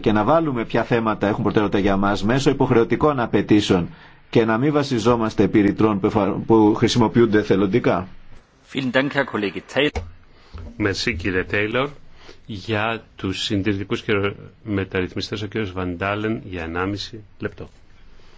και να βάλουμε ποια θέματα έχουν προτεραιότητα για μας μέσω υποχρεωτικών απαιτήσεων και να μην βασιζόμαστε επί ρητρών που χρησιμοποιούνται θελοντικά. Μερσή κύριε Τέιλορ. Για τους συντηρητικούς και μεταρρυθμιστές ο κύριος Βαντάλεν για 1,5 λεπτό.